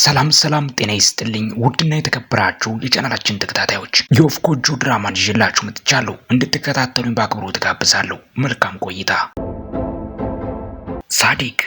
ሰላም ሰላም፣ ጤና ይስጥልኝ ውድና የተከበራችሁ የቻናላችን ተከታታዮች የወፍ ጎጆ ድራማን ይዤላችሁ መጥቻለሁ። እንድትከታተሉኝ በአክብሮት ጋብዛለሁ። መልካም ቆይታ። ሳዲቅ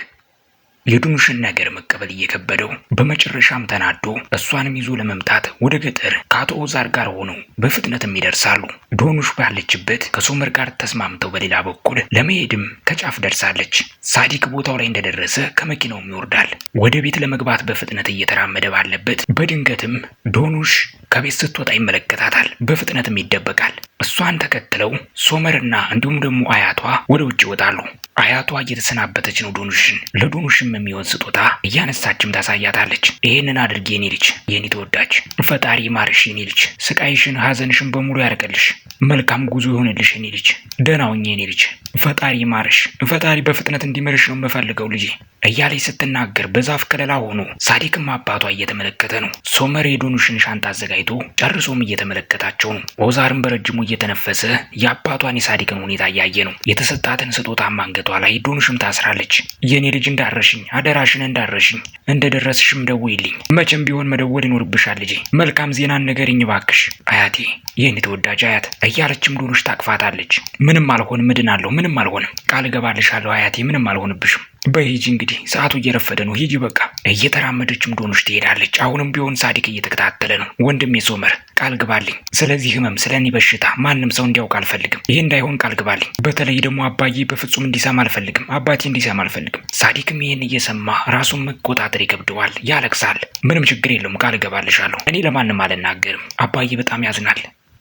የዱንሽን ነገር መቀበል እየከበደው በመጨረሻም ተናዶ እሷንም ይዞ ለመምጣት ወደ ገጠር ከአቶ ኦዛር ጋር ሆነው በፍጥነትም ይደርሳሉ። ዶኑሽ ባለችበት ከሶመር ጋር ተስማምተው በሌላ በኩል ለመሄድም ከጫፍ ደርሳለች። ሳዲክ ቦታው ላይ እንደደረሰ ከመኪናውም ይወርዳል። ወደ ቤት ለመግባት በፍጥነት እየተራመደ ባለበት በድንገትም ዶኑሽ ከቤት ስትወጣ ይመለከታታል። በፍጥነትም ይደበቃል። እሷን ተከትለው ሶመርና እንዲሁም ደግሞ አያቷ ወደ ውጭ ይወጣሉ። አያቷ እየተሰናበተች ነው ዶኑሽን። ለዶኑሽም የሚሆን ስጦታ እያነሳችም ታሳያታለች። ይህንን አድርጊ የኔ ልጅ፣ የኔ ተወዳጅ፣ ፈጣሪ ማርሽ የኔ ልጅ፣ ስቃይሽን ሀዘንሽን በሙሉ ያርቅልሽ፣ መልካም ጉዞ ይሆንልሽ የኔ ልጅ፣ ደህና ሁኚ የኔ ልጅ፣ ፈጣሪ ማርሽ፣ ፈጣሪ በፍጥነት እንዲመርሽ ነው የምፈልገው ልጄ እያለች ስትናገር በዛፍ ከለላ ሆኖ ሳዲክም አባቷ እየተመለከተ ነው። ሶመር የዶኑሽን ሻንጣ አዘጋጅቶ ጨርሶም እየተመለከታቸው ነው። ኦዛርም በረጅሙ እየተነፈሰ የአባቷን የሳዲቅን ሁኔታ እያየ ነው። የተሰጣትን ስጦታም አንገቷ ላይ ዶንሽም ታስራለች። የእኔ ልጅ እንዳረሽኝ፣ አደራሽን እንዳረሽኝ፣ እንደደረስሽም ደውይልኝ። መቼም ቢሆን መደወል ይኖርብሻል ልጄ። መልካም ዜናን ንገሪኝ ባክሽ አያቴ፣ የእኔ ተወዳጅ አያት እያለችም ዶንሽ ታቅፋታለች። ምንም አልሆንም፣ እድናለሁ። ምንም አልሆንም፣ ቃል እገባልሻለሁ አያቴ፣ ምንም አልሆንብሽም በሂጂ እንግዲህ ሰዓቱ እየረፈደ ነው። ሂጂ በቃ። እየተራመደች ዶኖች ትሄዳለች። አሁንም ቢሆን ሳዲቅ እየተከታተለ ነው። ወንድሜ ሶመር ቃል ግባልኝ፣ ስለዚህ ህመም፣ ስለ እኔ በሽታ ማንም ሰው እንዲያውቅ አልፈልግም። ይሄ እንዳይሆን ቃል ግባልኝ። በተለይ ደግሞ አባዬ በፍጹም እንዲሰማ አልፈልግም። አባቴ እንዲሰማ አልፈልግም። ሳዲቅም ይህን እየሰማ ራሱን መቆጣጠር ይከብደዋል፣ ያለቅሳል። ምንም ችግር የለውም፣ ቃል እገባልሻለሁ። እኔ ለማንም አልናገርም። አባዬ በጣም ያዝናል።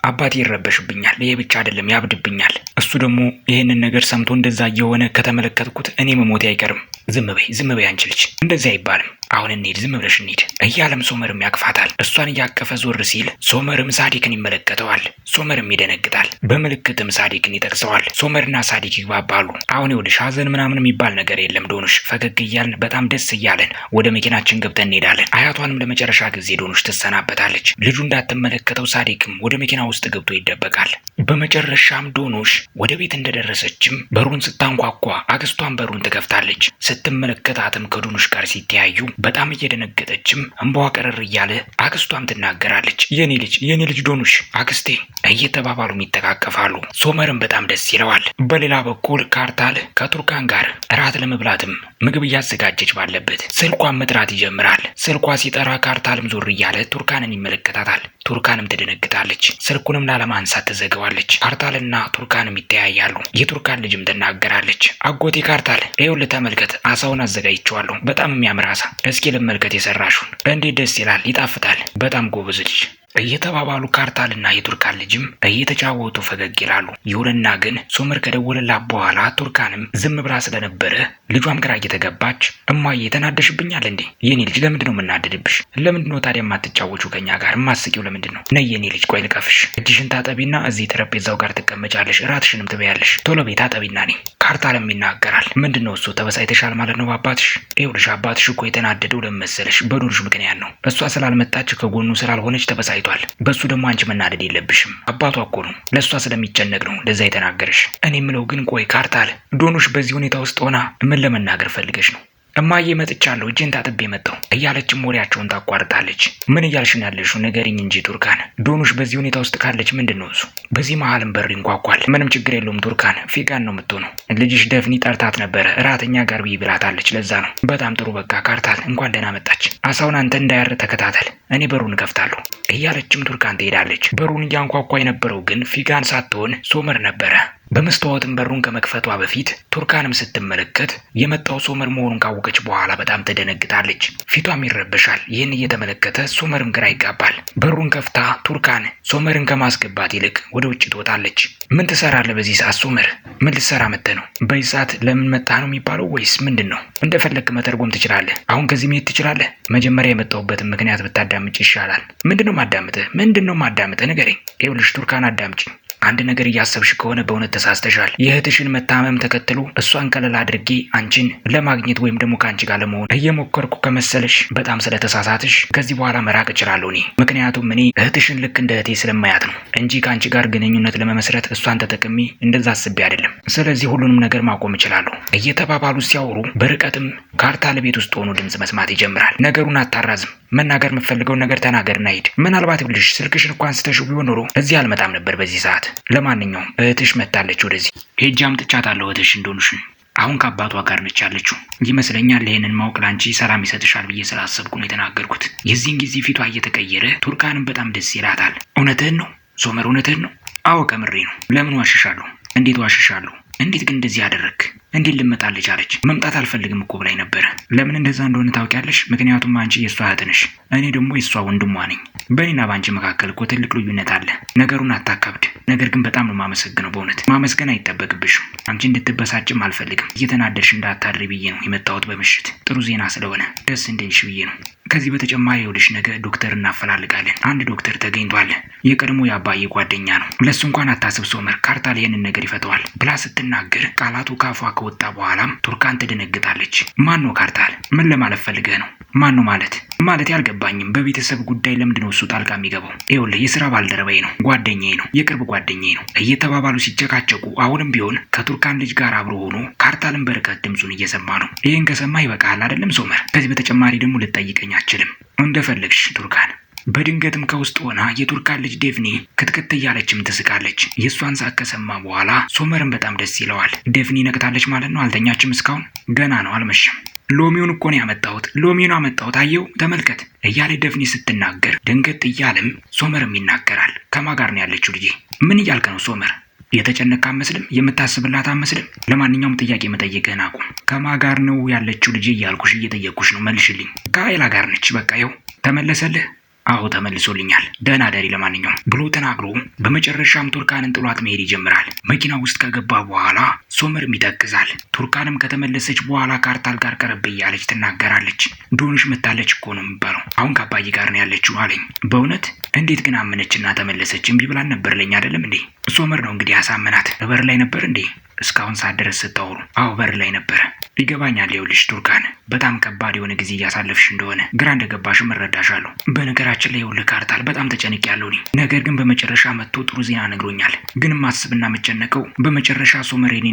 አባቴ ይረበሽብኛል። ይሄ ብቻ አይደለም ያብድብኛል። እሱ ደግሞ ይህንን ነገር ሰምቶ እንደዛ እየሆነ ከተመለከትኩት እኔ መሞቴ አይቀርም። ዝም በይ ዝም በይ አንቺ ልጅ እንደዚህ አይባልም። አሁን እንሂድ፣ ዝም ብለሽ እንሂድ እያለም ሶመርም ያቅፋታል። እሷን እያቀፈ ዞር ሲል ሶመርም ሳዲክን ይመለከተዋል። ሶመርም ይደነግጣል። በምልክትም ሳዲክን ይጠቅሰዋል። ሶመርና ሳዲክ ይግባባሉ። አሁን ይኸውልሽ ሐዘን ምናምን የሚባል ነገር የለም ዶኖሽ ፈገግ እያልን በጣም ደስ እያለን ወደ መኪናችን ገብተን እንሄዳለን። አያቷንም ለመጨረሻ ጊዜ ዶኖሽ ትሰናበታለች። ልጁ እንዳትመለከተው ሳዲክም ወደ መኪና ውስጥ ገብቶ ይደበቃል። በመጨረሻም ዶኖሽ ወደ ቤት እንደደረሰችም በሩን ስታንኳኳ አገስቷን በሩን ትከፍታለች። ስትመለከታትም ከዱኑሽ ጋር ሲተያዩ በጣም እየደነገጠችም እንባዋ ቀረር እያለ አክስቷም ትናገራለች። የኔ ልጅ የኔ ልጅ ዶኑሽ አክስቴ እየተባባሉም ይጠቃቀፋሉ። ሶመርም በጣም ደስ ይለዋል። በሌላ በኩል ካርታል ከቱርካን ጋር እራት ለመብላትም ምግብ እያዘጋጀች ባለበት ስልኳን መጥራት ይጀምራል። ስልኳ ሲጠራ ካርታልም ዞር እያለ ቱርካንን ይመለከታታል። ቱርካንም ትደነግጣለች። ስልኩንም ላለማንሳት ትዘግባለች። ካርታልና ቱርካንም ይተያያሉ። የቱርካን ልጅም ትናገራለች። አጎቴ ካርታል ይኸውልህ ተመልከት፣ አሳውን አዘጋጅቸዋለሁ። በጣም የሚያምር አሳ። እስኪ ልመልከት የሰራሹን። እንዴት ደስ ይላል! ይጣፍጣል። በጣም ጎበዝ ልጅ እየተባባሉ ካርታልና የቱርካን ልጅም እየተጫወቱ ፈገግ ይላሉ። ይሁንና ግን ሶመር ከደወለላት በኋላ ቱርካንም ዝም ብላ ስለነበረ ልጇም ግራ እየተገባች እማዬ ተናደሽብኛል እንዴ? የኔ ልጅ ለምንድን ነው የምናደድብሽ? ለምንድን ነው ታዲያ የማትጫወቹ ከኛ ጋር የማስቂው ለምንድን ነው? ነይ የኔ ልጅ ቆይ ልቀፍሽ። እጅሽን ታጠቢና እዚህ ጠረጴዛው ጋር ትቀመጫለሽ፣ እራትሽንም ትበያለሽ። ቶሎ ቤት አጠቢና ኔ ካርታልም ይናገራል። ምንድን ነው እሱ ተበሳይተሻል ማለት ነው በአባትሽ? ይኸውልሽ አባትሽ እኮ የተናደደው ለመሰለሽ በዱርሽ ምክንያት ነው። እሷ ስላልመጣች ከጎኑ ስላልሆነች ተበሳይ ተበሳጭቷል። በሱ ደግሞ አንቺ መናደድ የለብሽም። አባቷ እኮ ነው፣ ለእሷ ስለሚጨነቅ ነው ለዛ የተናገርሽ። እኔ የምለው ግን ቆይ ካርታል ዶኖሽ በዚህ ሁኔታ ውስጥ ሆና ምን ለመናገር ፈልገሽ ነው? እማዬ መጥቻለሁ፣ እጄን ታጥቤ መጣሁ እያለችም ወሬያቸውን ታቋርጣለች። ምን እያልሽ ነው ያለሽው? ንገሪኝ እንጂ ቱርካን። ዶኑሽ በዚህ ሁኔታ ውስጥ ካለች ምንድን ነው እሱ? በዚህ መሀልም በር ይንኳኳል። ምንም ችግር የለውም ቱርካን፣ ፊጋን ነው የምትሆነው። ልጅሽ ደፍኒ ጠርታት ነበረ፣ እራተኛ ጋር ብይ ብላታለች። ለዛ ነው። በጣም ጥሩ በቃ ካርታት፣ እንኳን ደህና መጣች። አሳውን አንተ እንዳያር ተከታተል፣ እኔ በሩን እከፍታለሁ እያለችም ቱርካን ትሄዳለች። በሩን እያንኳኳ የነበረው ግን ፊጋን ሳትሆን ሶመር ነበረ። በመስተዋትም በሩን ከመክፈቷ በፊት ቱርካንም ስትመለከት የመጣው ሶመር መሆኑን ካወቀች በኋላ በጣም ተደነግጣለች። ፊቷም ይረበሻል። ይህን እየተመለከተ ሶመርም ግራ ይጋባል። በሩን ከፍታ ቱርካን ሶመርን ከማስገባት ይልቅ ወደ ውጭ ትወጣለች። ምን ትሰራለህ በዚህ ሰዓት ሶመር? ምን ልትሰራ መጥተህ ነው? በዚህ ሰዓት ለምን መጣህ ነው የሚባለው ወይስ ምንድን ነው? እንደፈለግ መተርጎም ትችላለህ። አሁን ከዚህ መሄድ ትችላለህ። መጀመሪያ የመጣሁበትን ምክንያት ብታዳምጭ ይሻላል። ምንድን ነው ማዳምጥህ? ምንድን ነው ማዳምጥህ ንገረኝ። ይኸውልሽ ቱርካን አዳምጭኝ አንድ ነገር እያሰብሽ ከሆነ በእውነት ተሳስተሻል። የእህትሽን መታመም ተከትሎ እሷን ከለላ አድርጌ አንቺን ለማግኘት ወይም ደግሞ ከአንቺ ጋር ለመሆን እየሞከርኩ ከመሰለሽ በጣም ስለተሳሳትሽ ከዚህ በኋላ መራቅ እችላለሁ እኔ ምክንያቱም እኔ እህትሽን ልክ እንደ እህቴ ስለማያት ነው እንጂ ከአንቺ ጋር ግንኙነት ለመመስረት እሷን ተጠቅሜ እንደዛ አስቤ አይደለም። ስለዚህ ሁሉንም ነገር ማቆም እችላለሁ እየተባባሉ ሲያወሩ በርቀትም ካርታ ለቤት ውስጥ ሆኖ ድምፅ መስማት ይጀምራል። ነገሩን አታራዝም መናገር የምትፈልገውን ነገር ተናገር እና ምናልባት ብልሽ ስልክሽን እኮ አንስተሽው ቢሆን ኖሮ እዚህ አልመጣም ነበር በዚህ ሰዓት። ለማንኛውም እህትሽ መታለች ወደዚህ ሄጄ አምጥቻታለሁ እህትሽ እንደሆንሽን አሁን ከአባቷ ጋር ነች ያለችው ይመስለኛል። ይህንን ማወቅ ላንቺ ሰላም ይሰጥሻል ብዬ ስላሰብኩ ነው የተናገርኩት። የዚህን ጊዜ ፊቷ እየተቀየረ ቱርካንም በጣም ደስ ይላታል። እውነትህን ነው ሶመር፣ እውነትህን ነው። አዎ፣ ከምሬ ነው። ለምን ዋሽሻለሁ? እንዴት ዋሽሻለሁ? እንዴት ግን እንደዚህ አደረግክ? እንዴት ልመጣ አለች። መምጣት አልፈልግም እኮ ብላኝ ነበረ። ለምን እንደዛ እንደሆነ ታውቂያለሽ? ምክንያቱም አንቺ የእሷ እህት ነሽ፣ እኔ ደግሞ የእሷ ወንድሟ ነኝ። በእኔና በአንቺ መካከል እኮ ትልቅ ልዩነት አለ። ነገሩን አታካብድ። ነገር ግን በጣም ነው ማመሰግነው። በእውነት ማመስገን አይጠበቅብሽም። አንቺ እንድትበሳጭም አልፈልግም። እየተናደድሽ እንዳታድሪ ብዬ ነው የመጣሁት በምሽት ጥሩ ዜና ስለሆነ ደስ እንዲልሽ ብዬ ነው። ከዚህ በተጨማሪ የወደሽ ነገር ዶክተር እናፈላልጋለን። አንድ ዶክተር ተገኝቷል። የቀድሞ የአባዬ ጓደኛ ነው። ለሱ እንኳን አታስብ ሶመር፣ ካርታል ይህንን ነገር ይፈተዋል ብላ ስትናገር ቃላቱ ካፏ ከወጣ በኋላም ቱርካን ትደነግጣለች። ማን ነው ካርታል? ምን ለማለት ፈልገህ ነው? ማን ነው ማለት ማለት አልገባኝም። በቤተሰብ ጉዳይ ለምንድነው እሱ ጣልቃ የሚገባው? ይኸውልህ የስራ ባልደረባዬ ነው፣ ጓደኛዬ ነው፣ የቅርብ ጓደኛዬ ነው እየተባባሉ ሲጨቃጨቁ፣ አሁንም ቢሆን ከቱርካን ልጅ ጋር አብሮ ሆኖ ካርታልን በርቀት ድምፁን እየሰማ ነው። ይህን ከሰማ ይበቃል አይደለም ሶመር? ከዚህ በተጨማሪ ደግሞ ልጠይቀኝ አችልም። እንደፈለግሽ ቱርካን በድንገትም ከውስጥ ሆና የቱርካን ልጅ ደፍኒ ክትክት እያለችም ትስቃለች። የእሷን ሳቅ ከሰማ በኋላ ሶመርን በጣም ደስ ይለዋል። ደፍኒ ነቅታለች ማለት ነው። አልተኛችም እስካሁን ገና ነው፣ አልመሸም። ሎሚውን እኮ ነው ያመጣሁት፣ ሎሚውን አመጣሁት፣ አየው ተመልከት እያለ ደፍኒ ስትናገር ድንገት እያለም ሶመርም ይናገራል። ከማ ጋር ነው ያለችው ልጄ? ምን እያልክ ነው ሶመር? የተጨነቅክ አመስልም የምታስብላት አመስልም ለማንኛውም ጥያቄ መጠየቅህን አቁም። ከማ ጋር ነው ያለችው ልጄ እያልኩሽ እየጠየቅኩሽ ነው፣ መልሽልኝ። ከአይላ ጋር ነች። በቃ ይኸው ተመለሰልህ። አዎ ተመልሶልኛል፣ ደህና ደሪ ለማንኛውም ብሎ ተናግሮ በመጨረሻም ቱርካንን ጥሏት መሄድ ይጀምራል። መኪና ውስጥ ከገባ በኋላ ሶመርም ይተክዛል። ቱርካንም ከተመለሰች በኋላ ካርታል ጋር ቀረብ እያለች ትናገራለች። ዶንሽ መታለች እኮ ነው የሚባለው አሁን ከአባዬ ጋር ነው ያለችው አለኝ። በእውነት እንዴት ግን አመነችና ተመለሰች? እምቢ ብላን ነበር ለኛ አይደለም እንዴ? ሶመር ነው እንግዲህ ያሳመናት። በር ላይ ነበር እንዴ እስካሁን ሳደረስ ስታወሩ? አዎ በር ላይ ነበረ። ይገባኛል። ይኸውልሽ ቱርካን በጣም ከባድ የሆነ ጊዜ እያሳለፍሽ እንደሆነ ግራ እንደገባሽም እረዳሻለሁ። በነገራችን ላይ የውል ካርታል በጣም ተጨንቅ ያለው ነገር ግን በመጨረሻ መጥቶ ጥሩ ዜና ነግሮኛል። ግን ማስብና መጨነቀው በመጨረሻ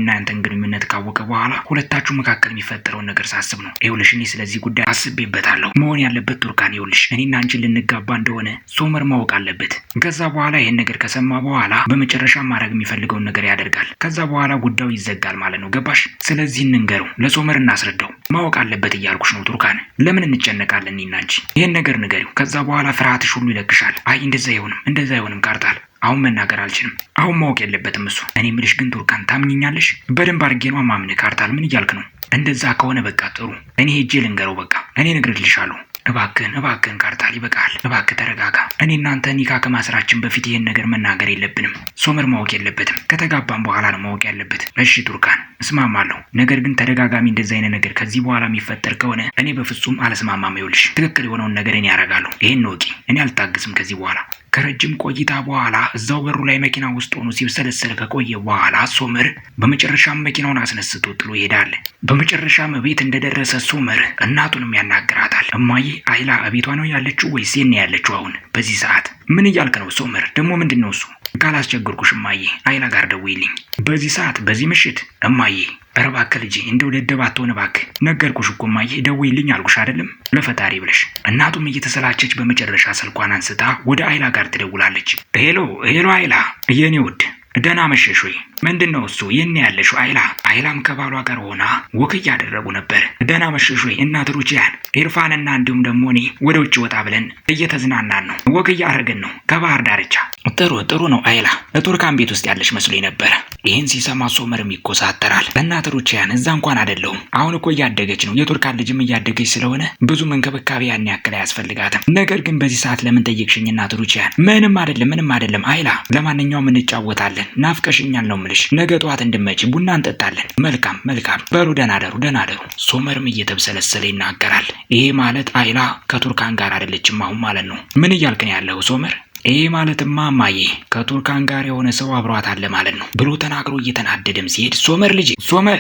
እና ያንተን ግንኙነት ካወቀ በኋላ ሁለታችሁ መካከል የሚፈጠረውን ነገር ሳስብ ነው። ይኸውልሽ እኔ ስለዚህ ጉዳይ አስቤበታለሁ። መሆን ያለበት ቱርካን ይኸውልሽ እኔና አንቺን ልንጋባ እንደሆነ ሶመር ማወቅ አለበት። ከዛ በኋላ ይህን ነገር ከሰማ በኋላ በመጨረሻ ማድረግ የሚፈልገውን ነገር ያደርጋል። ከዛ በኋላ ጉዳዩ ይዘጋል ማለት ነው። ገባሽ? ስለዚህ እንንገረው ለሶመር እናስረዳው። ማወቅ አለበት እያልኩሽ ነው ቱርካን። ለምን እንጨነቃለን? እኔና አንቺ ይህን ነገር ንገሪው። ከዛ በኋላ ፍርሃትሽ ሁሉ ይለቅሻል። አይ እንደዛ አይሆንም፣ እንደዛ አይሆንም ካርታል አሁን መናገር አልችልም። አሁን ማወቅ የለበትም እሱ። እኔ ምልሽ ግን ቱርካን ታምኝኛለሽ? በደንብ አድርጌ ነው ማምን። ካርታል ምን እያልክ ነው? እንደዛ ከሆነ በቃ ጥሩ፣ እኔ ሄጄ ልንገረው። በቃ እኔ እነግርልሻለሁ እባክህን እባክህን ካርታል ይበቃል። እባክህ ተረጋጋ። እኔ እናንተ ኒካ ከማስራችን በፊት ይህን ነገር መናገር የለብንም። ሶመር ማወቅ የለበትም። ከተጋባም በኋላ ነው ማወቅ ያለበት። እሺ ቱርካን እስማማለሁ። ነገር ግን ተደጋጋሚ እንደዚህ አይነት ነገር ከዚህ በኋላ የሚፈጠር ከሆነ እኔ በፍጹም አለስማማም ይኸውልሽ ትክክል የሆነውን ነገር እኔ ያደርጋለሁ። ይህን እወቂ። እኔ አልታግስም ከዚህ በኋላ ከረጅም ቆይታ በኋላ እዛው በሩ ላይ መኪና ውስጥ ሆኖ ሲብሰለሰል ከቆየ በኋላ ሶመር በመጨረሻም መኪናውን አስነስቶ ጥሎ ይሄዳል። በመጨረሻም ቤት እንደደረሰ ሶመር እናቱንም ያናግራታል። እማዬ አይላ ቤቷ ነው ያለችው ወይስ የት ነው ያለችው? አሁን በዚህ ሰዓት ምን እያልክ ነው ሶመር? ደግሞ ምንድን ነው እሱ? ካላስቸገርኩሽ እማዬ አይላ ጋር ደውይልኝ በዚህ ሰዓት በዚህ ምሽት እማዬ ኧረ እባክህ ልጄ እንደው ደደብ አትሆን እባክህ። ነገርኩሽ እኮ እማዬ ደውዪልኝ አልኩሽ አይደለም ለፈጣሪ ብለሽ። እናቱም እየተሰላቸች በመጨረሻ ስልኳን አንስታ ወደ አይላ ጋር ትደውላለች። ሄሎ ሄሎ፣ አይላ የኔ ውድ ደህና መሸሽ ወይ? ምንድን ነው እሱ ይህን ያለሽው? አይላ አይላም ከባሏ ጋር ሆና ወክ እያደረጉ ነበር። ደህና መሸሽ ወይ እናት ሩቺያን ኤርፋንና እንዲሁም ደግሞ እኔ ወደ ውጭ ወጣ ብለን እየተዝናናን ነው፣ ወግ እያደረግን ነው ከባህር ዳርቻ። ጥሩ ጥሩ ነው አይላ፣ ቱርካን ቤት ውስጥ ያለች መስሎኝ ነበረ። ይህን ሲሰማ ሶመርም ይኮሳተራል። እናት ሩቺያን እዛ እንኳን አደለውም አሁን እኮ እያደገች ነው፣ የቱርካን ልጅም እያደገች ስለሆነ ብዙም እንክብካቤ ያን ያክል አያስፈልጋትም። ነገር ግን በዚህ ሰዓት ለምን ጠየቅሽኝ እናት ሩቺያን? ምንም አይደለም፣ ምንም አደለም አይላ። ለማንኛውም እንጫወታለን፣ ናፍቀሽኛል ነው ምልሽ። ነገ ጠዋት እንድመጪ ቡና እንጠጣለን። መልካም መልካም፣ በሩ ደናደሩ ደናደሩ ሶመር ነገርም እየተብሰለሰለ ይናገራል። ይሄ ማለት አይላ ከቱርካን ጋር አይደለችም አሁን ማለት ነው። ምን እያልክ ነው ያለው ሶመር? ይሄ ማለትማ እማዬ ከቱርካን ጋር የሆነ ሰው አብሯት አለ ማለት ነው ብሎ ተናግሮ እየተናደደም ሲሄድ ሶመር ልጅ ሶመር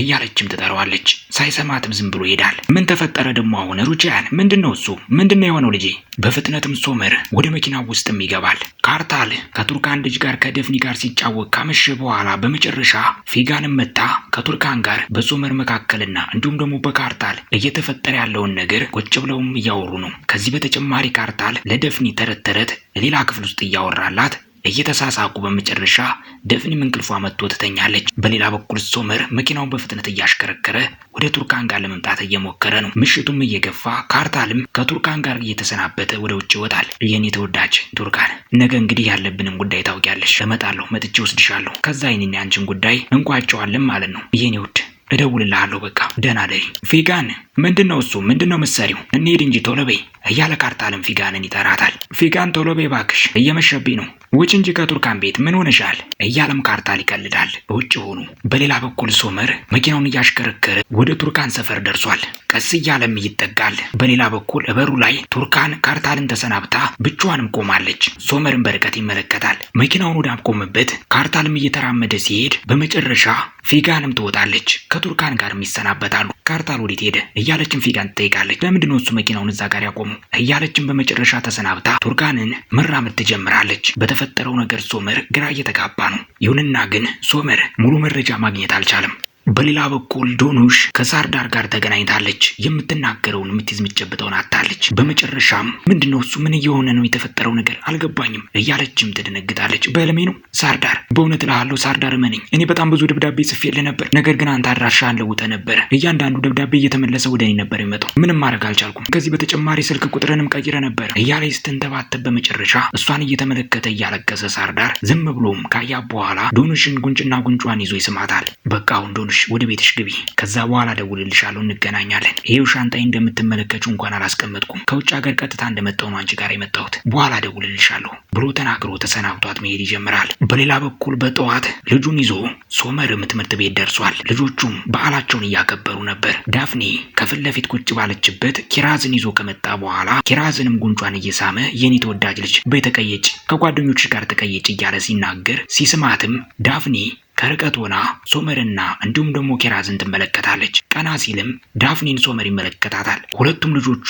እያለችም ትጠራዋለች። ሳይሰማትም ዝም ብሎ ይሄዳል። ምን ተፈጠረ ደግሞ አሁን ሩቺያን? ምንድን ነው እሱ ምንድን ነው የሆነው ልጄ? በፍጥነትም ሶመር ወደ መኪናው ውስጥም ይገባል። ካርታል ከቱርካን ልጅ ጋር ከደፍኒ ጋር ሲጫወት ካመሸ በኋላ በመጨረሻ ፊጋንም መታ ከቱርካን ጋር በሶመር መካከልና እንዲሁም ደግሞ በካርታል እየተፈጠረ ያለውን ነገር ቁጭ ብለውም እያወሩ ነው። ከዚህ በተጨማሪ ካርታል ለደፍኒ ተረት ተረት ሌላ ክፍል ውስጥ እያወራላት እየተሳሳቁ በመጨረሻ ደፍኒም እንቅልፏ መጥቶ ትተኛለች። በሌላ በኩል ሶመር መኪናውን በፍጥነት እያሽከረከረ ወደ ቱርካን ጋር ለመምጣት እየሞከረ ነው። ምሽቱም እየገፋ ካርታልም ከቱርካን ጋር እየተሰናበተ ወደ ውጭ ይወጣል። የኔ ተወዳጅ ቱርካን፣ ነገ እንግዲህ ያለብንም ጉዳይ ታውቂያለሽ። እመጣለሁ፣ መጥቼ ወስድሻለሁ። ከዛ ይህንን ያንችን ጉዳይ እንቋጨዋለን ማለት ነው የኔ ውድ እደውልልሃለሁ። በቃ ደህና ደሪ። ፊጋን ምንድን ነው እሱ ምንድን ነው ምሰሪው? እንሄድ እንጂ ቶሎ በይ እያለ ካርታልም ፊጋንን ይጠራታል። ፊጋን ቶሎ በይ እባክሽ እየመሸብኝ ነው፣ ውጭ እንጂ ከቱርካን ቤት ምን ሆነሻል? እያለም ካርታል ይቀልዳል። ውጭ ሆኑ። በሌላ በኩል ሶመር መኪናውን እያሽከረከረ ወደ ቱርካን ሰፈር ደርሷል። ቀስ እያለም ይጠጋል። በሌላ በኩል እበሩ ላይ ቱርካን ካርታልን ተሰናብታ ብቻዋንም ቆማለች። ሶመርን በርቀት ይመለከታል። መኪናውን ወዳቆመበት ካርታልም እየተራመደ ሲሄድ በመጨረሻ ፊጋንም ትወጣለች። ከቱርካን ጋር ይሰናበታሉ። ካርታል ወዴት ሄደ እያለችን ፊጋን ትጠይቃለች። ለምንድን እሱ መኪናውን እዛ ጋር ያቆሙ እያለችን በመጨረሻ ተሰናብታ ቱርካንን መራመድ ትጀምራለች። በተፈጠረው ነገር ሶመር ግራ እየተጋባ ነው። ይሁንና ግን ሶመር ሙሉ መረጃ ማግኘት አልቻለም። በሌላ በኩል ዶኑሽ ከሳርዳር ጋር ተገናኝታለች። የምትናገረውን የምትይዝ የምትጨብጠውን አታለች። በመጨረሻም ምንድን ነው እሱ ምን እየሆነ ነው የተፈጠረው ነገር አልገባኝም እያለችም ትደነግጣለች። በህልሜ ነው ሳርዳር፣ በእውነት እልሃለሁ ሳርዳር እመነኝ። እኔ በጣም ብዙ ደብዳቤ ጽፌልህ ነበር፣ ነገር ግን አንተ አድራሻህን ለውጠህ ነበረ። እያንዳንዱ ደብዳቤ እየተመለሰ ወደ እኔ ነበር የሚመጣው። ምንም ማድረግ አልቻልኩም። ከዚህ በተጨማሪ ስልክ ቁጥርንም ቀይረ ነበር እያለ ስትንተባተብ፣ በመጨረሻ እሷን እየተመለከተ እያለቀሰ ሳርዳር ዝም ብሎም ካያ በኋላ ዶኑሽን ጉንጭና ጉንጯን ይዞ ይስማታል። በቃ አሁን ዶኑሽ ይኸውልሽ ወደ ቤትሽ ግቢ። ከዛ በኋላ ደውልልሻለሁ፣ እንገናኛለን። ይሄው ሻንጣይ እንደምትመለከችው እንኳን አላስቀመጥኩም። ከውጭ ሀገር ቀጥታ እንደመጣው ነው አንቺ ጋር የመጣሁት። በኋላ ደውልልሻለሁ ብሎ ተናግሮ ተሰናብቷት መሄድ ይጀምራል። በሌላ በኩል በጠዋት ልጁን ይዞ ሶመርም ትምህርት ቤት ደርሷል። ልጆቹም በዓላቸውን እያከበሩ ነበር። ዳፍኔ ከፊት ለፊት ቁጭ ባለችበት ኪራዝን ይዞ ከመጣ በኋላ ኪራዝንም ጉንጯን እየሳመ የኔ ተወዳጅ ልጅ በይ ተቀየጭ፣ ከጓደኞች ጋር ተቀየጭ እያለ ሲናገር ሲስማትም ዳፍኔ ከርቀት ሆና ሶመርና እንዲሁም ደግሞ ኬራዝን ትመለከታለች። ቀና ሲልም ዳፍኔን ሶመር ይመለከታታል። ሁለቱም ልጆቹ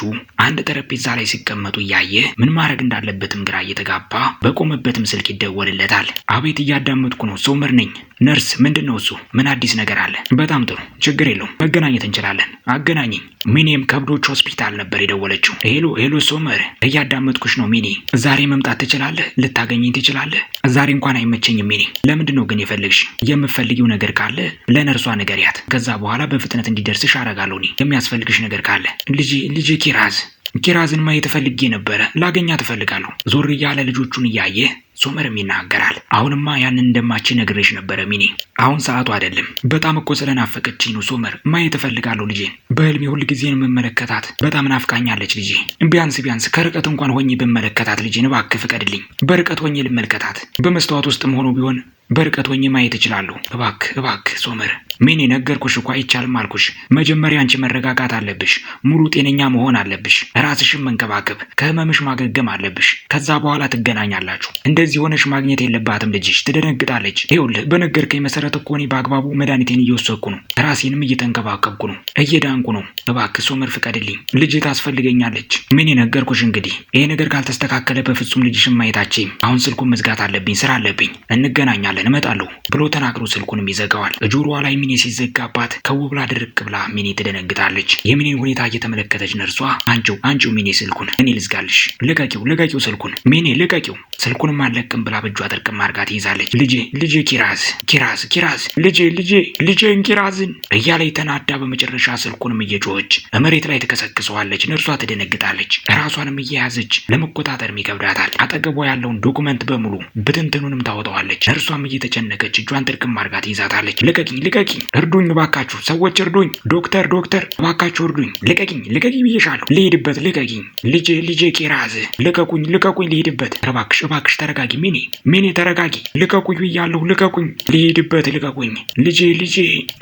አንድ ጠረጴዛ ላይ ሲቀመጡ እያየ ምን ማድረግ እንዳለበትም ግራ እየተጋባ በቆመበትም ስልክ ይደወልለታል። አቤት እያዳመጥኩ ነው፣ ሶመር ነኝ ነርስ፣ ምንድን ነው እሱ? ምን አዲስ ነገር አለ? በጣም ጥሩ፣ ችግር የለውም፣ መገናኘት እንችላለን። አገናኘኝ። ሚኒም ከብዶች ሆስፒታል ነበር የደወለችው። ሄሎ ሄሎ፣ ሶመር እያዳመጥኩሽ ነው ሚኒ። ዛሬ መምጣት ትችላለህ? ልታገኘኝ ትችላለህ? ዛሬ እንኳን አይመቸኝም ሚኒ። ለምንድን ነው ግን የፈለግሽ? የምፈልጊው ነገር ካለ ለነርሷ ንገሪያት። ከዛ በኋላ በፍጥነት እንዲደርስሽ አረጋለሁ። እኔ የሚያስፈልግሽ ነገር ካለ ልጅ ልጅ ኪራዝ ኪራዝን ማየት እፈልጌ ነበረ። ላገኛ ትፈልጋለሁ። ዞር እያለ ልጆቹን እያየ ሶመርም ይናገራል። አሁንማ ያን እንደማች ነግሬሽ ነበረ ሚኒ፣ አሁን ሰዓቱ አይደለም። በጣም እኮ ስለናፈቀች ነው ሶመር። ማየት እፈልጋለሁ ልጄን። በህልሜ ነው የምመለከታት በጣም ናፍቃኛለች ልጄ። ቢያንስ ቢያንስ ከርቀት እንኳን ሆኜ ብመለከታት ልጄን፣ እባክህ ፍቀድልኝ። በርቀት ሆኜ ልመልከታት። በመስተዋት ውስጥም ሆኖ ቢሆን በርቀት ሆኜ ማየት እችላለሁ። እባክህ እባክህ ሶመር ምን የነገርኩሽ እኮ አይቻልም አልኩሽ። መጀመሪያ አንቺ መረጋጋት አለብሽ። ሙሉ ጤነኛ መሆን አለብሽ። ራስሽን መንከባከብ፣ ከህመምሽ ማገገም አለብሽ። ከዛ በኋላ ትገናኛላችሁ። እንደዚህ ሆነሽ ማግኘት የለባትም ልጅሽ፣ ትደነግጣለች። ይኸውልህ በነገርከኝ መሰረት እኮ እኔ በአግባቡ መድኃኒቴን እየወሰድኩ ነው። ራሴንም እየተንከባከብኩ ነው፣ እየዳንኩ ነው። እባክህ ሶመር ፍቀድልኝ፣ ልጅ ታስፈልገኛለች። ምን የነገርኩሽ እንግዲህ። ይሄ ነገር ካልተስተካከለ በፍጹም ልጅሽን ማየታችም። አሁን ስልኩን መዝጋት አለብኝ፣ ስራ አለብኝ። እንገናኛለን፣ እመጣለሁ ብሎ ተናግሮ ስልኩንም ይዘጋዋል። ጆሮዋ ላይ ሚኒ ሲዘጋባት ከው ብላ ድርቅ ብላ ሚኒ ትደነግጣለች። የሚኒን ሁኔታ እየተመለከተች ነርሷ አንቺው አንቺው ሚኒ ስልኩን እኔ ልዝጋልሽ፣ ልቀቂው፣ ልቀቂው ስልኩን ሚኒ ልቀቂው፣ ስልኩንም አለቅም ብላ በእጇ ጥርቅም አድርጋ ትይዛለች። ልጄ ልጄ ኪራዝ ኪራዝ ኪራዝ ልጄ ልጄ ልጄን ኪራዝን እያለ የተናዳ በመጨረሻ ስልኩንም እየጮኸች መሬት ላይ ትከሰክሰዋለች። ነርሷ ትደነግጣለች። ራሷንም እየያዘች ለመቆጣጠርም ይከብዳታል። አጠገቧ ያለውን ዶኩመንት በሙሉ ብትንትኑንም ታወጣዋለች። ነርሷም እየተጨነቀች እጇን ጥርቅም አድርጋ ትይዛታለች። ልቀቂ ልቀቂ ልቀቂኝ፣ እርዱኝ እባካችሁ ሰዎች እርዱኝ፣ ዶክተር ዶክተር እባካችሁ እርዱኝ፣ ልቀቂኝ፣ ልቀቂኝ ብዬሻለሁ፣ ልሄድበት፣ ልቀቂኝ፣ ልጄ ልጄ ቄራዝ፣ ልቀቁኝ፣ ልቀቁኝ፣ ልሄድበት፣ እባክሽ፣ እባክሽ ተረጋጊ፣ ሚኔ ሚኔ ተረጋጊ፣ ልቀቁኝ ብያለሁ፣ ልቀቁኝ፣ ልሄድበት፣ ልቀቁኝ፣ ልጄ ልጄ፣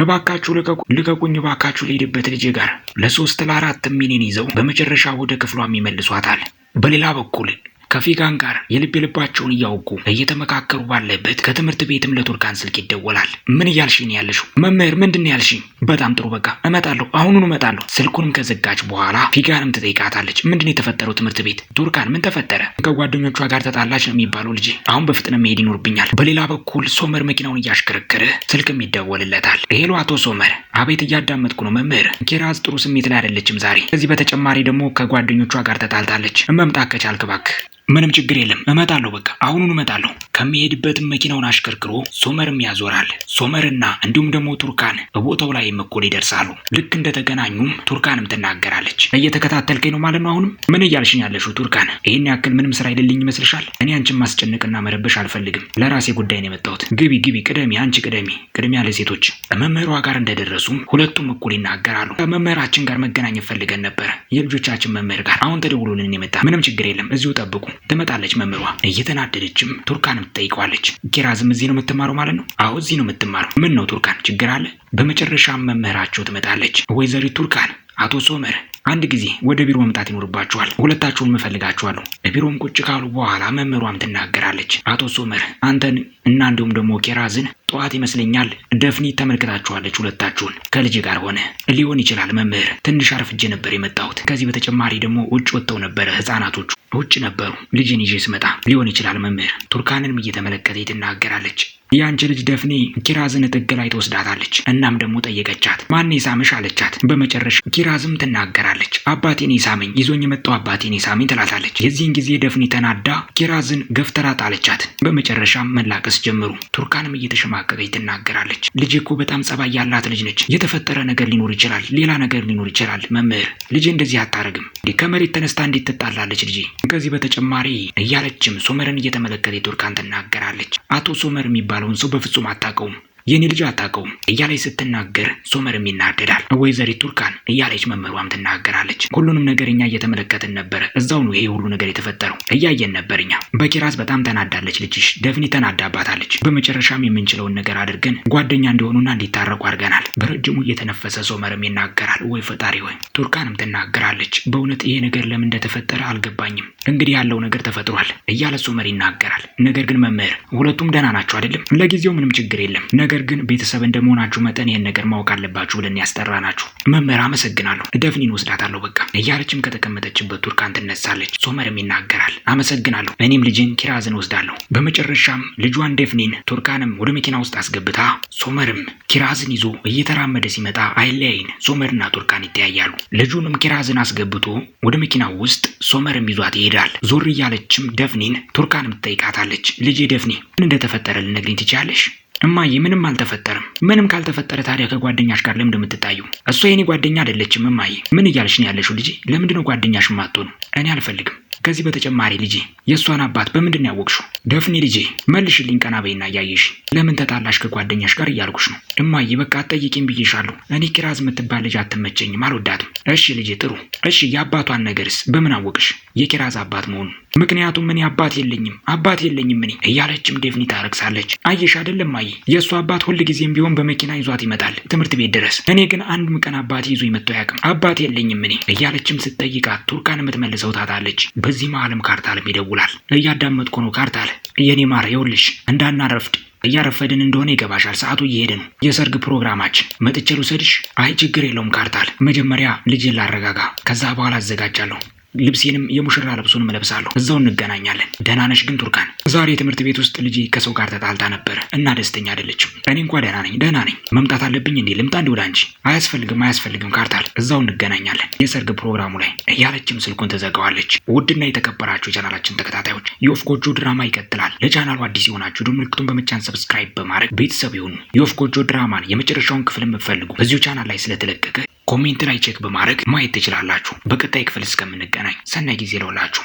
እባካችሁ ልቀቁኝ፣ ልቀቁኝ እባካችሁ፣ ልሄድበት ልጄ ጋር ለሶስት ለአራት ሚኔን ይዘው በመጨረሻ ወደ ክፍሏም ይመልሷታል። በሌላ በኩል ከፊጋን ጋር የልብ ልባቸውን እያውቁ እየተመካከሩ ባለበት ከትምህርት ቤትም ለቱርካን ስልክ ይደወላል። ምን እያልሽኝ ያለሽው መምህር? ምንድን ያልሽኝ? በጣም ጥሩ በቃ እመጣለሁ፣ አሁኑን እመጣለሁ። ስልኩንም ከዘጋች በኋላ ፊጋንም ትጠይቃታለች። ምንድን የተፈጠረው ትምህርት ቤት? ቱርካን ምን ተፈጠረ? ከጓደኞቿ ጋር ተጣላች ነው የሚባለው። ልጄ አሁን በፍጥነት መሄድ ይኖርብኛል። በሌላ በኩል ሶመር መኪናውን እያሽከረከረ ስልክም ይደወልለታል። ሄሎ አቶ ሶመር። አቤት፣ እያዳመጥኩ ነው መምህር። ኬራዝ ጥሩ ስሜት ላይ አይደለችም ዛሬ። ከዚህ በተጨማሪ ደግሞ ከጓደኞቿ ጋር ተጣልታለች። መምጣት ከቻልክ እባክህ ምንም ችግር የለም እመጣለሁ። በቃ አሁኑን እመጣለሁ። ከሚሄድበትም መኪናውን አሽከርክሮ ሶመርም ያዞራል። ሶመርና እንዲሁም ደግሞ ቱርካን በቦታው ላይ እኩል ይደርሳሉ። ልክ እንደተገናኙም ቱርካንም ትናገራለች። እየተከታተልከኝ ነው ማለት ነው? አሁንም ምን እያልሽኝ ያለሽው ቱርካን? ይህን ያክል ምንም ስራ አይደልኝ ይመስልሻል? እኔ አንቺን ማስጨነቅና መረበሽ አልፈልግም። ለራሴ ጉዳይ ነው የመጣሁት። ግቢ ግቢ፣ ቅደሚ፣ አንቺ ቅደሚ። ቅድሚያ ለሴቶች። መምህሯ ጋር እንደደረሱም ሁለቱም እኩል ይናገራሉ። ከመምህራችን ጋር መገናኘት ፈልገን ነበር፣ የልጆቻችን መምህር ጋር። አሁን ተደውሎልን የመጣ ምንም ችግር የለም፣ እዚሁ ጠብቁ ትመጣለች መምህሯ። እየተናደደችም ቱርካንም ትጠይቀዋለች። ጌራዝም እዚህ ነው የምትማረው ማለት ነው? አዎ እዚህ ነው የምትማረው። ምን ነው ቱርካን ችግር አለ? በመጨረሻም መምህራቸው ትመጣለች። ወይዘሪት ቱርካን አቶ ሶመር አንድ ጊዜ ወደ ቢሮ መምጣት ይኖርባችኋል። ሁለታችሁንም እፈልጋችኋለሁ። ቢሮም ቁጭ ካሉ በኋላ መምህሯም ትናገራለች። አቶ ሶመር አንተን እና እንዲሁም ደግሞ ኬራዝን ጠዋት ይመስለኛል ደፍኒ ተመልክታችኋለች። ሁለታችሁን ከልጅ ጋር ሆነ ሊሆን ይችላል። መምህር ትንሽ አርፍጄ ነበር የመጣሁት። ከዚህ በተጨማሪ ደግሞ ውጭ ወጥተው ነበረ። ህፃናቶቹ ውጭ ነበሩ። ልጅን ይዤ ስመጣ ሊሆን ይችላል። መምህር ቱርካንንም እየተመለከተ ትናገራለች። ያንቺ ልጅ ደፍኔ ኪራዝን ጥግ ላይ ትወስዳታለች። እናም ደግሞ ጠየቀቻት፣ ማን ይሳምሽ አለቻት። በመጨረሻ ኪራዝም ትናገራለች፣ አባቴን የሳመኝ ይዞኝ የመጣው አባቴን የሳመኝ ትላታለች። የዚህን ጊዜ ደፍኔ ተናዳ ኪራዝን ገፍትራ ጣለቻት። በመጨረሻም መላቀስ ጀመሩ። ቱርካንም እየተሸማቀቀች ትናገራለች፣ ልጅ እኮ በጣም ጸባይ ያላት ልጅ ነች። የተፈጠረ ነገር ሊኖር ይችላል፣ ሌላ ነገር ሊኖር ይችላል። መምህር ልጅ እንደዚህ አታረግም፣ ከመሬት ተነስታ እንዴት ትጣላለች ልጅ? ከዚህ በተጨማሪ እያለችም ሶመርን እየተመለከተ ቱርካን ትናገራለች። አቶ ሶመር የሚባል የተባለውን ሰው በፍጹም አታውቀውም። የኔ ልጅ አታውቀውም እያለች ስትናገር ሶመርም ይናደዳል። ወይዘሪት ቱርካን እያለች መምህሯም ትናገራለች። ሁሉንም ነገር እኛ እየተመለከትን ነበረ። እዛው ነው ይሄ ሁሉ ነገር የተፈጠረው፣ እያየን ነበር እኛ። በኪራስ በጣም ተናዳለች። ልጅሽ ደፍኒ ተናዳባታለች። በመጨረሻም የምንችለውን ነገር አድርገን ጓደኛ እንዲሆኑና እንዲታረቁ አድርገናል። በረጅሙ እየተነፈሰ ሶመርም ይናገራል። ወይ ፈጣሪ ወይ። ቱርካንም ትናገራለች። በእውነት ይሄ ነገር ለምን እንደተፈጠረ አልገባኝም። እንግዲህ ያለው ነገር ተፈጥሯል እያለ ሶመር ይናገራል። ነገር ግን መምህር ሁለቱም ደህና ናቸው አይደለም? ለጊዜው ምንም ችግር የለም ነገር ግን ቤተሰብ እንደመሆናችሁ መጠን ይህን ነገር ማወቅ አለባችሁ ብለን ያስጠራ ናችሁ። መምህር አመሰግናለሁ። ደፍኒን ወስዳታለሁ በቃ እያለችም ከተቀመጠችበት ቱርካን ትነሳለች። ሶመርም ይናገራል። አመሰግናለሁ። እኔም ልጅን ኪራዝን ወስዳለሁ። በመጨረሻም ልጇን ደፍኒን ቱርካንም ወደ መኪና ውስጥ አስገብታ ሶመርም ኪራዝን ይዞ እየተራመደ ሲመጣ አይለያይን ሶመርና ቱርካን ይተያያሉ። ልጁንም ኪራዝን አስገብቶ ወደ መኪናው ውስጥ ሶመርም ይዟት ይሄዳል። ዞር እያለችም ደፍኒን ቱርካንም ትጠይቃታለች። ልጄ ደፍኔ ምን እንደተፈጠረ ልነግሪኝ ትችያለሽ? እማዬ ምንም አልተፈጠረም። ምንም ካልተፈጠረ ታዲያ ከጓደኛሽ ጋር ለምን እንደምትታዩ? እሷ የኔ ጓደኛ አይደለችም። እማዬ ምን እያልሽ ነው ያለሽው? ልጄ ለምንድነው ጓደኛሽ ማጡ ነው? እኔ አልፈልግም። ከዚህ በተጨማሪ ልጄ የእሷን አባት በምንድን ነው ያወቅሽው? ደፍኔ ልጄ መልሽልኝ። ቀና በይና እያየሽ ለምን ተጣላሽ ከጓደኛሽ ጋር እያልኩሽ ነው። እማዬ በቃ አትጠይቂኝ ብዬሻለሁ። እኔ ኪራዝ የምትባል ልጅ አትመቸኝም፣ አልወዳትም። እሺ ልጄ ጥሩ። እሺ የአባቷን ነገርስ በምን አወቅሽ? የኪራዝ አባት መሆኑ ምክንያቱም እኔ አባት የለኝም አባት የለኝም እኔ እያለችም ዴቭኒ ታረግሳለች። አየሽ አይደለም አይ የእሱ አባት ጊዜም ቢሆን በመኪና ይዟት ይመጣል ትምህርት ቤት ድረስ። እኔ ግን አንድም ቀን አባቴ ይዞ ይመጣው ያቅም አባት የለኝም እኔ እያለችም ስትጠይቃት ቱርካን የምትመልሰው ታጣለች። በዚህ መሀልም ካርታልም ይደውላል። እያዳመጥኩ ነው ካርታል፣ የኔ ማር ይኸውልሽ እንዳናረፍድ እያረፈድን እንደሆነ ይገባሻል። ሰዓቱ እየሄደ ነው። የሰርግ ፕሮግራማችን መጥቼ ልውሰድሽ? አይ ችግር የለውም ካርታል፣ መጀመሪያ ልጅን ላረጋጋ፣ ከዛ በኋላ አዘጋጃለሁ። ልብሴንም የሙሽራ ልብሱንም እለብሳለሁ። እዛው እንገናኛለን። ደህና ነሽ ግን ቱርካን? ዛሬ ትምህርት ቤት ውስጥ ልጄ ከሰው ጋር ተጣልታ ነበረ እና ደስተኛ አይደለችም። እኔ እንኳ ደህና ነኝ፣ ደህና ነኝ። መምጣት አለብኝ እንዴ? ልምጣ እንዲ ወደ አንቺ? አያስፈልግም፣ አያስፈልግም ካርታል፣ እዛው እንገናኛለን የሰርግ ፕሮግራሙ ላይ እያለችም ስልኩን ተዘጋዋለች። ውድና የተከበራችሁ የቻናላችን ተከታታዮች የወፍ ጎጆ ድራማ ይቀጥላል። ለቻናሉ አዲስ የሆናችሁ ደወል ምልክቱን በመጫን ሰብስክራይብ በማድረግ ቤተሰብ ይሁኑ። የወፍ ጎጆ ድራማን የመጨረሻውን ክፍል የምትፈልጉ በዚሁ ቻናል ላይ ስለተለቀቀ ኮሜንት ላይ ቼክ በማድረግ ማየት ትችላላችሁ። በቀጣይ ክፍል እስከምንገናኝ ሰናይ ጊዜ ለውላችሁ